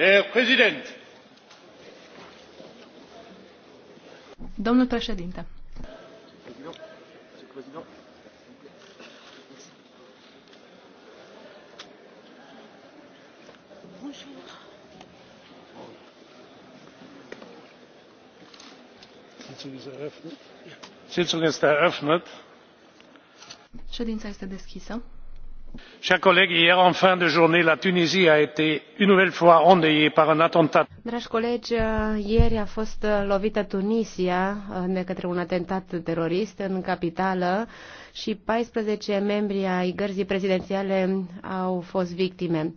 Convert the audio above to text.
Domnule Domnul președinte. Ședința este deschisă. Chers collègues, hier en fin de journée, la Tunisie a été une nouvelle fois endeuillée par un attentat. Dragi colegi, uh, ieri a fost uh, lovită Tunisia uh, de către un atentat terorist în capitală și 14 membri ai gărzii prezidențiale au fost victime.